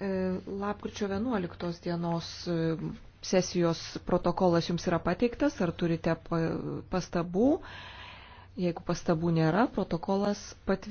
E, lapkričio 11 dienos e, sesijos protokolas jums yra pateiktas, ar turite pastabų? Jeigu pastabų nėra, protokolas patvirtintas.